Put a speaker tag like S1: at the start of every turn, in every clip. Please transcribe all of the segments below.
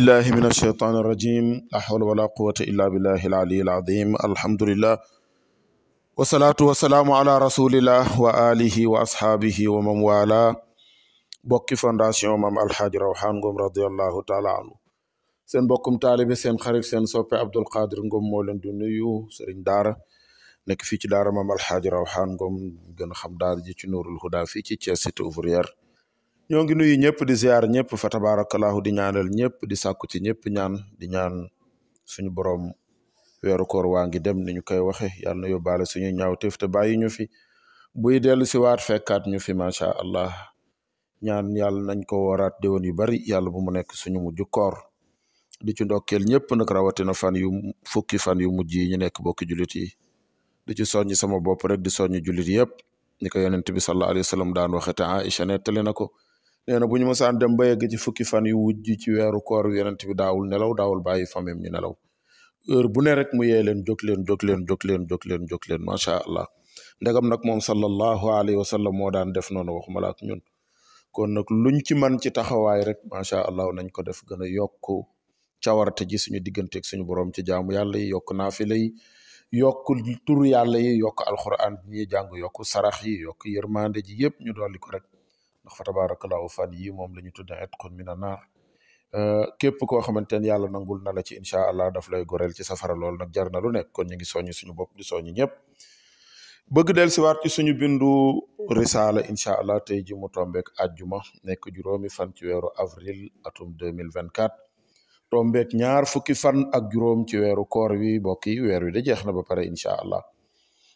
S1: billahi min alsheytaan arrajim la hawla wala quwata illa billahi alali alazim alhamdulillah wasalaatu wasalaamu ala rasulillah wala bokki fondation maam alxaaji rawxaan taala anhu seen bokkum taalibe seen xarit seen soppe abdul qadir ngom moo leen di daara nekk fii ci daara maam alxaaji rawxaan ngom gën a xam daara ji ci nuurul huda ci ñoo ngi nuyu ñëpp di ziar ñëpp fa tabaarakallahu di ñaanal ñëpp di sàkku ci ñëpp ñaan di ñaan suñu borom weeru koor waa dem ni ñu koy waxe yàlla na yóbbaale suñuy ñaawteef te bàyyi ñu fi buy dellu si waat fekkaat ñu fi macha allah ñaan yàlla nañ ko woraat déwén yu bari yàlla bu mu nekk suñu mujj koor di ci ndokkeel ñëpp nag rawatina fan yum fukki fan yu mujj yi ñu nekk bokki jullit yi di ci soññ sama bopp rek di soññ julit yëpp ni ko yonent bi sallallahu alayhi wa sallam daan waxe te na ko nee na bu ñu mosaan dem ba yegg ci fukki fan yu wujj ci weeru koor wi daawul nelaw daawul bàyyi famem ñu nelaw heure bu ne rek mu yee leen jóg leen jóg leen jóg leen jóg leen jóg leen macha allah ndegam nag moom sallallahu alayhi wa sallam moo daan def noonu waxumala ak ñun kon nag luñ ci man ci taxawaay rek macha allah nañ ko def gën a yokk cawarte ji suñu digganteeg suñu borom ci jaamu yàlla yi yokk naafila yi yokk turu yàlla yi yokk alquran bi ñuy jàng yokk sarax yi yokk yërmande ji yëpp ñu dolli ko rek. wax fa tabaarakallaahu fan yi moom la ñu tudde itqun mina naar euh, képp koo xamante ne yàlla nangul na la ci incha allah daf lay gorel ci safara lool nag jarnalu na nekk kon ñu ngi soññi suñu bopp di soññi ñëpp bëgg del siwaat ci suñu bindu risaala incha allah tey ji mu tombeek ajjuma nekk juróomi fan ci weeru avril atum 2024 tombeek ñaar fukki fan ak juróom ci weeru koor wi mbokk yi weer wi da jeex na ba pare incha allah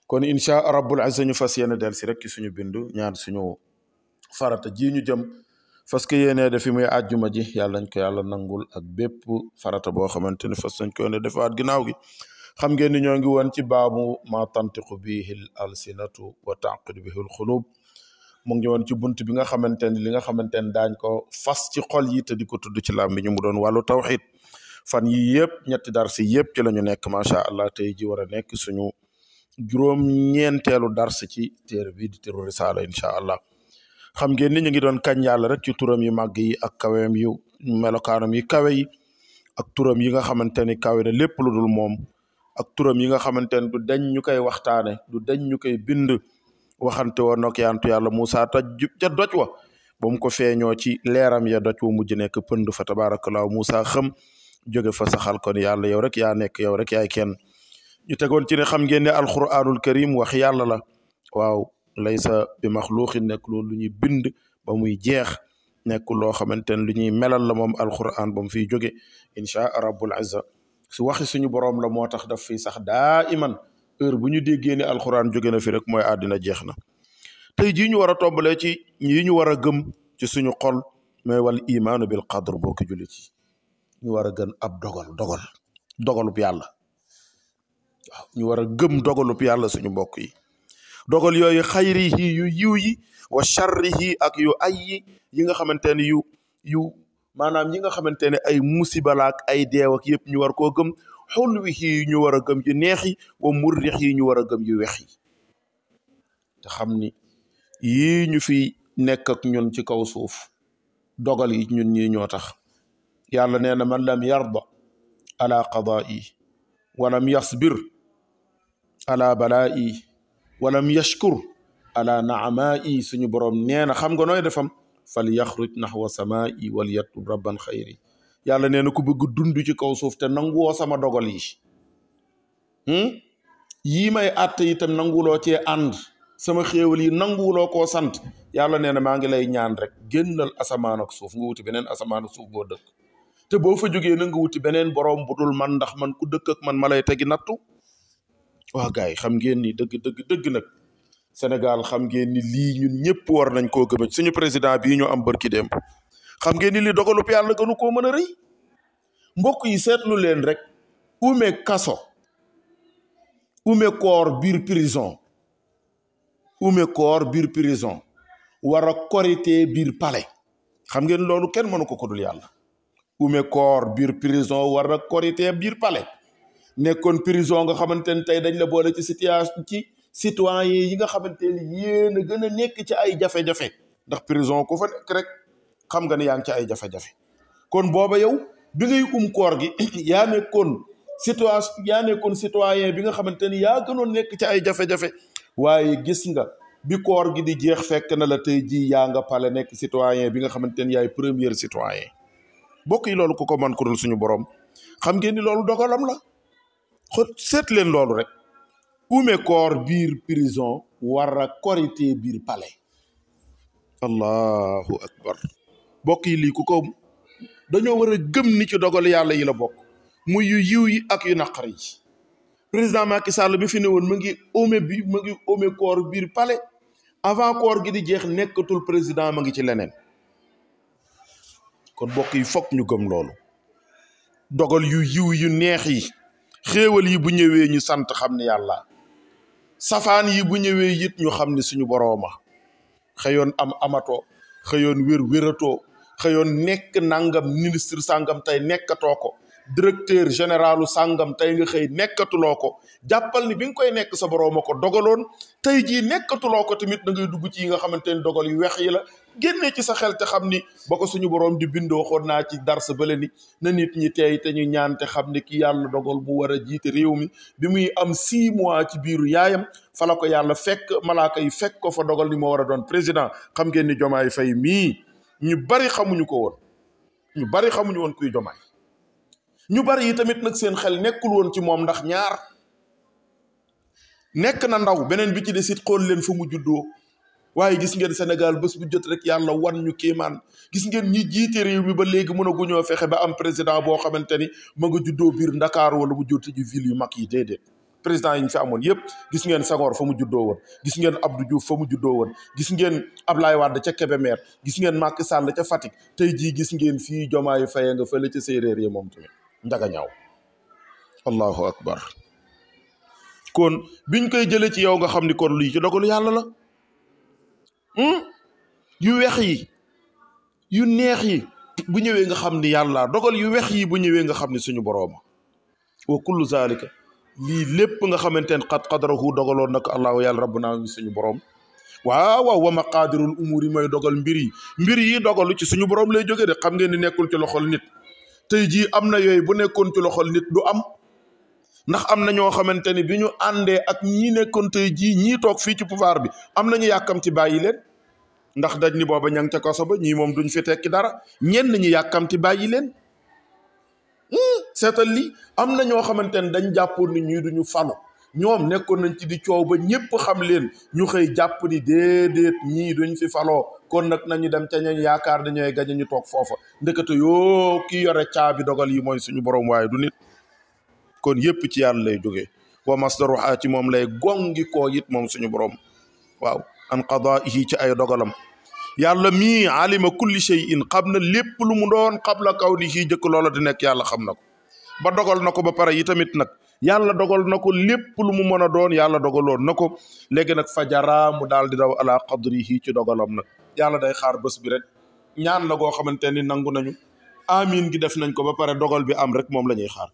S1: kon incha rabbul azza ñu fas yéene del si rek ci suñu bindu ñaan suñu farata ji ñu jëm fas ko yéenee defi muy àjjuma ji yàlla nañ ko yàlla nangul ak bépp farata boo xamante ni fas nañ ko yéene defaat ginnaaw gi xam ngeen ni ñoo ngi woon ci baabu ma tantiqu bihi l alsinatu wa taqidu bihi l xulub mu ngi woon ci bunt bi nga xamante ni li nga xamante ni daañ ko fas ci xol yi te di ko tudd ci làmmiñ bi ñu mu doon wàllu tawxid fan yii yëpp ñetti darsi yëpp ci la ñu nekk macha allah tey ji war a nekk suñu juróom ñeenteelu dars ci téere bi di téru risaala incha allah xam ngeen ni ñu ngi doon kañ rek ci turam yu màgg yi ak kawem yu melokaanam yi kawe yi ak turam yi nga xamante ni kawe na lépp lu dul moom ak turam yi nga xamante ni du dañ ñu koy waxtaane du dañ ñu koy bind waxante woon nag yaantu yàlla Moussa ta ja wa ba mu ko feeñoo ci leeram ya doj wa mujj nekk pënd fa tabaarakallaahu Moussa xam jóge fa saxal kon yàlla yow rek yaa nekk yow rek yaay kenn ñu tegoon ci ne xam ngeen ne alquranul karim wax yàlla la laysa bi maxluuqin nekk loolu lu ñuy bind ba muy jeex nekk loo xamante ne lu ñuy melal la moom alquran ba mu fiy jóge inchaa rabbul azza su waxi suñu borom la moo tax daf fi sax daa iman heure bu ñu déggee ne alquran jóge na fi rek mooy àddina jeex na tey jii ñu war a tombalee ci yi ñu war a gëm ci suñu xol mooy wal imaanu bil qadr boo ko jullit yi ñu war a gën ab dogal dogal dogalub yàlla waaw ñu war a gëm dogalub yàlla suñu mbokk yi dogal yooyu xayrihi yu yiw yi wa charrihi ak yu ay yi nga xamante ne yu yu maanaam yi nga xamante ne ay musibalaak ay deewak ak yëpp ñu war koo gëm xulwihi yi ñu war a gëm yu neex yi wa murrix yi ñu war a gëm yu wex yi te xam ni yii ñu fi nekk ak ci kaw suuf dogal yi ñun ñii ñoo tax yàlla nee na man lam yarda ala qadaa'i wa lam yasbir ala balaa'i walam yashkur ala naamaa'i suñu borom nee na xam nga nooy defam fal yaxruj naxwa sama wal yatlub rabban xayri yàlla nee na ku bëgg dund ci kaw suuf te nanguwoo sama dogal yi hmm? yii may àtte itam nanguwuloo cee ànd sama xéewal yi nanguwuloo ko sant yàlla nee na maa ngi lay ñaan rek génnal asamaan ak suuf nga wuti beneen asamaan ak suuf boo dëkk te boo fa jógee na nga wuti beneen borom bu dul man ndax man ku dëkk man ma lay tegi nattu waa gars yi xam ngeen ni dëgg dëgg dëgg nag Sénégal xam ngeen ni lii ñun ñëpp war nañ koo gëm suñu président bii ñu am bërki démb xam ngeen ni li dogalub yàlla gënu koo mën a rëy mbokk yi seetlu leen rek ume kaso ume koor biir prison ume koor biir prison war a korité biir palais xam ngeen loolu kenn mënu ko ko dul yàlla ume koor biir prison war a korité biir pale nekkoon prison nga xamante ne tey dañ la boole ci situation ci citoyen yi nga xamante ne yéen gën a nekk ci ay jafe-jafe ndax prison ku fa xam nga ne yaa ngi ci ay jafe kon booba yow bi ngay um koor gi yaa nekkoon situation yaa nekkoon citoyen bi nga xamante ni yaa gënoon nekk ci ay jafe-jafe waaye gis nga bi koor gi di jeex fekk na la tey ji yaa nga pale nekk citoyen bi nga xamante ni yaay premier citoyen bokk yi loolu ku ko man ku dul suñu borom xam ngeen loolu dogalam la xët seet loolu rek ume koor biir prison war a korité biir pale allahu akbar bokk yi lii ko dañoo war a gëm ni ci dogal yàlla yi la bokk muy yu yiw yi ak yu naqar yi président Macky Sall bi fi ne woon mu ngi ume bi mu ngi ume koor biir pale avant koor gi di jeex nekkatul président ma ngi ci leneen kon bokk yi fokk ñu gëm loolu dogal yu yiw yu neex yi xéewal yi bu ñëwee ñu sant xam ni yàlla safaan yi bu ñëwee yit ñu xam ni suñu borooma xëyoon am amato xëyoon wér wératoo xëyoon nekk nangam ministre sàngam tey nekkatoo ko directeur généralu sàngam tey nga xëy nekkatuloo ko jàppal ni bi nga koy nekk sa borooma ko dogaloon tey jii nekkatuloo ko tamit na ngay dugg ci yi nga xamante ni dogal yu weex yi la génnee ci sa xel te xam ni ba ko suñu boroom di bindoo xoon naa ci darsa bële ni na nit ñi teey te ñu ñaan te xam ni ki yàlla dogal mu war jiite réew mi bi muy am six mois ci biiru yaayam fala ko yàlla fekk malaaka yi fekk ko fa dogal ni moo war a doon président xam ngeen ni jomaay fay mii ñu bari xamuñu ko woon ñu bari xamuñu woon kuy jomaay ñu bari yi tamit nag seen xel nekkul woon ci moom ndax ñaar nekk na ndaw beneen bi ci des it xool leen fa mu juddoo waaye gis ngeen Sénégal bés bu jot rek yàlla wan ñu kéemaan gis ngeen ñi jiite réew mi ba léegi mën a guñoo fexe ba am président boo xamante ni ma nga juddoo biir ndakaaru wala mu jóote ji ville yu mag yi déedéet président yi ñu fi amoon yëpp gis ngeen Senghor fa mu juddoo woon gis ngeen Abdou Diouf fa mu juddoo woon gis ngeen Ablaye Wade ca Kébémer gis ngeen Macky Sall ca Fatick tey jii gis ngeen fii Diomaye Faye nga fële ca séeréer yi moom tamit ndaga ñaaw allahu akbar kon biñ koy jëlee ci yow nga xam ni kon lii ci dogalu yàlla la Hmm? yu weex yi yu neex yi bu ñëwee nga xam ni yàlla dogal yu weex yi bu ñëwee nga xam ne suñu borooma wa kullu zalika lii lépp nga xamante ne xat xadarahu dogaloon nag allahu yàlla rabbuna na suñu boroom waaw waaw wa maqaadirul umur yi mooy dogal mbir yi mbir yi dogalu ci suñu boroom lay jóge de xam ngeen ni nekkul ci loxol nit tey jii am na yooyu bu nekkoon ci loxol nit du am ndax am na ñoo xamante ni bi ñu àndee ak ñi nekkoon tey jii ñii toog fii ci pouvoir bi am nañu yàkkam ci bàyyi leen ndax dañ ni booba ña ngi ca kaso ba ñii moom duñ fi tekki dara ñenn ñi yàkkam ci bàyyi leen hmm, seetal lii am na ñoo xamante ni dañ jàppoon ni ñii duñu falu ñoom nekkoon nañ ci di coow ba ñëpp xam leen ñu xëy jàpp ni déedéet ñii duñ fi faloo kon nag nañu dem ca ñañ yaakaar dañooy gañe ñu toog foofa ndekete yoo kii yore caabi dogal yi mooy suñu borom waaye du nit kon yëpp ci yàlla lay jógee wa masdaru haa ci moom lay gongi koo it moom suñu borom waaw an qadaihi ci ay dogalam yàlla mii alima kulli shay'in xam na lépp lu mu doon qabla kawnihi jëkk loola di nekk yàlla xam na ko ba dogal na ko ba pare yi tamit nag yàlla dogal na ko lépp lu mu mën a doon yàlla dogaloon na ko léegi nag fajara mu daal di daw ala qadrihi ci dogalam nag yàlla day xaar bés bi rek ñaan la goo xamante ni nangu nañu amin gi def nañ ko ba pare dogal bi am rek moom la ñuy xaar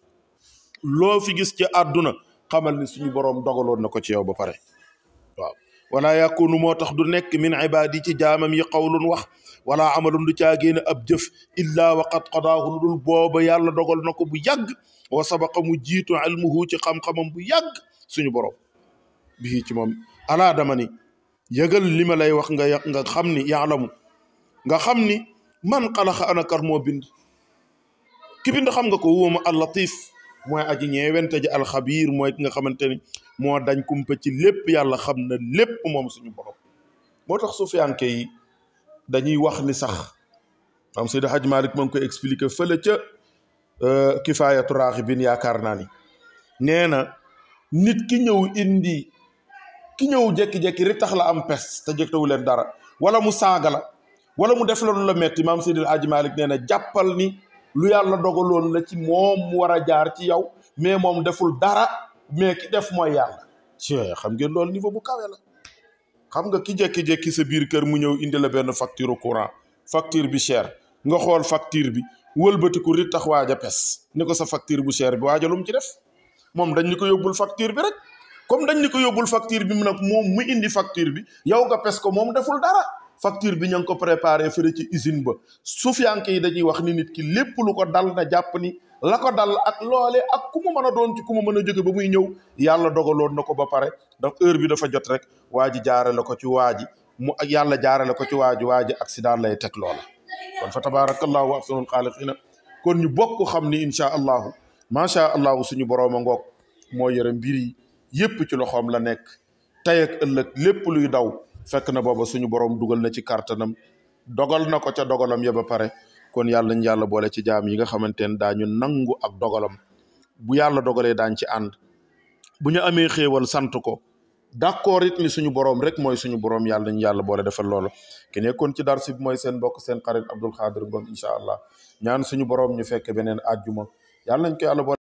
S1: loo fi gis ci àdduna xamal ni suñu boroom dogaloon na ko ci yow ba pare waaw wala yakunu moo tax du nekk min ibaadi ci jaamam yi qawlun wax wala amalun du caa génn ab jëf illaa wax qad qadaahu lu dul booba yàlla dogal na ko bu yàgg wa sabaqa mu jiitu ilmuhu ci xam-xamam bu yàgg suñu boroom bii ci moom alaa dama ni yëgal lima lay wax nga nga xam ni yaalamu nga xam ni man xalaxa anakar moo bind ki bind xam nga ko wóoma al latif mooy aji ñeewente ji alxabiir mooy ki nga xamante ni moo dañ kumpa ci lépp yàlla xam na lépp moom suñu borom moo tax sufiyanke yi dañuy wax ni sax am Seydi Haj Malik ma ngi koy expliqué fële ca euh, kifaayatu raaxibin yaakaar naa ni nee na nit ki ñëw indi ki ñëw jekki-jekki ri tax la am pes te jëktawu leen dara wala mu saaga la wala mu def la lu la metti maam Seydi Haj Malik nee na jàppal ni lu yàlla dogaloon la ci moom mu war a jaar ci yow mais moom deful dara mais ki def mooy yàlla ci xam ngeen loolu niveau bu kawe la xam nga ki jekki-jekki sa biir kër mu ñëw indi la benn facture courant facture bi cher nga xool facture bi wëlbatiku ri tax waaj a pes ni ko sa facture bu cher bi waaja lu ci def moom dañ ni ko yóbbul facture bi rek comme dañ ni ko yóbbul facture bi mu nag moom mu indi facture bi yow nga pes ko moom deful dara facture bi ña ngi ko préparé fële ci usine ba suufiyanke yi dañuy wax ni nit ki lépp lu ko dal na jàpp ni la ko dal ak loole ak ku mu mën doon ci ku ma mën a jóge ba muy ñëw yàlla dogaloon na ko ba pare ndax heure bi dafa jot rek waa ji jaare la ko ci waa ji mu ak yàlla jaarale ko ci waa ji waa ji accident lay teg loola kon fa tabaarakallahu wa ahsanul xaaliqiina kon ñu bokk xam ni incha allahu macha allahu suñu boroom a ngoog moo yore mbir yi yépp ci loxoom la nekk tey ak ëllëg lépp luy daw fekk na booba suñu boroom dugal na ci kàttanam dogal na ko ca dogalam ya ba pare kon yàlla nañ yàlla boole ci jaam yi nga xamante ne daañu nangu ak dogalam bu yàlla dogalee daañ ci ànd bu ñu amee xéewal sant ko d'accord it ni suñu borom rek mooy suñu borom yàlla nañu yàlla boole defal loolu ki nekkoon ci darsi bi mooy seen mbokk seen xarit Abdul Xaadir Ngom incha allah ñaan suñu borom ñu fekk beneen àjjuma yàlla nañ ko yàlla boole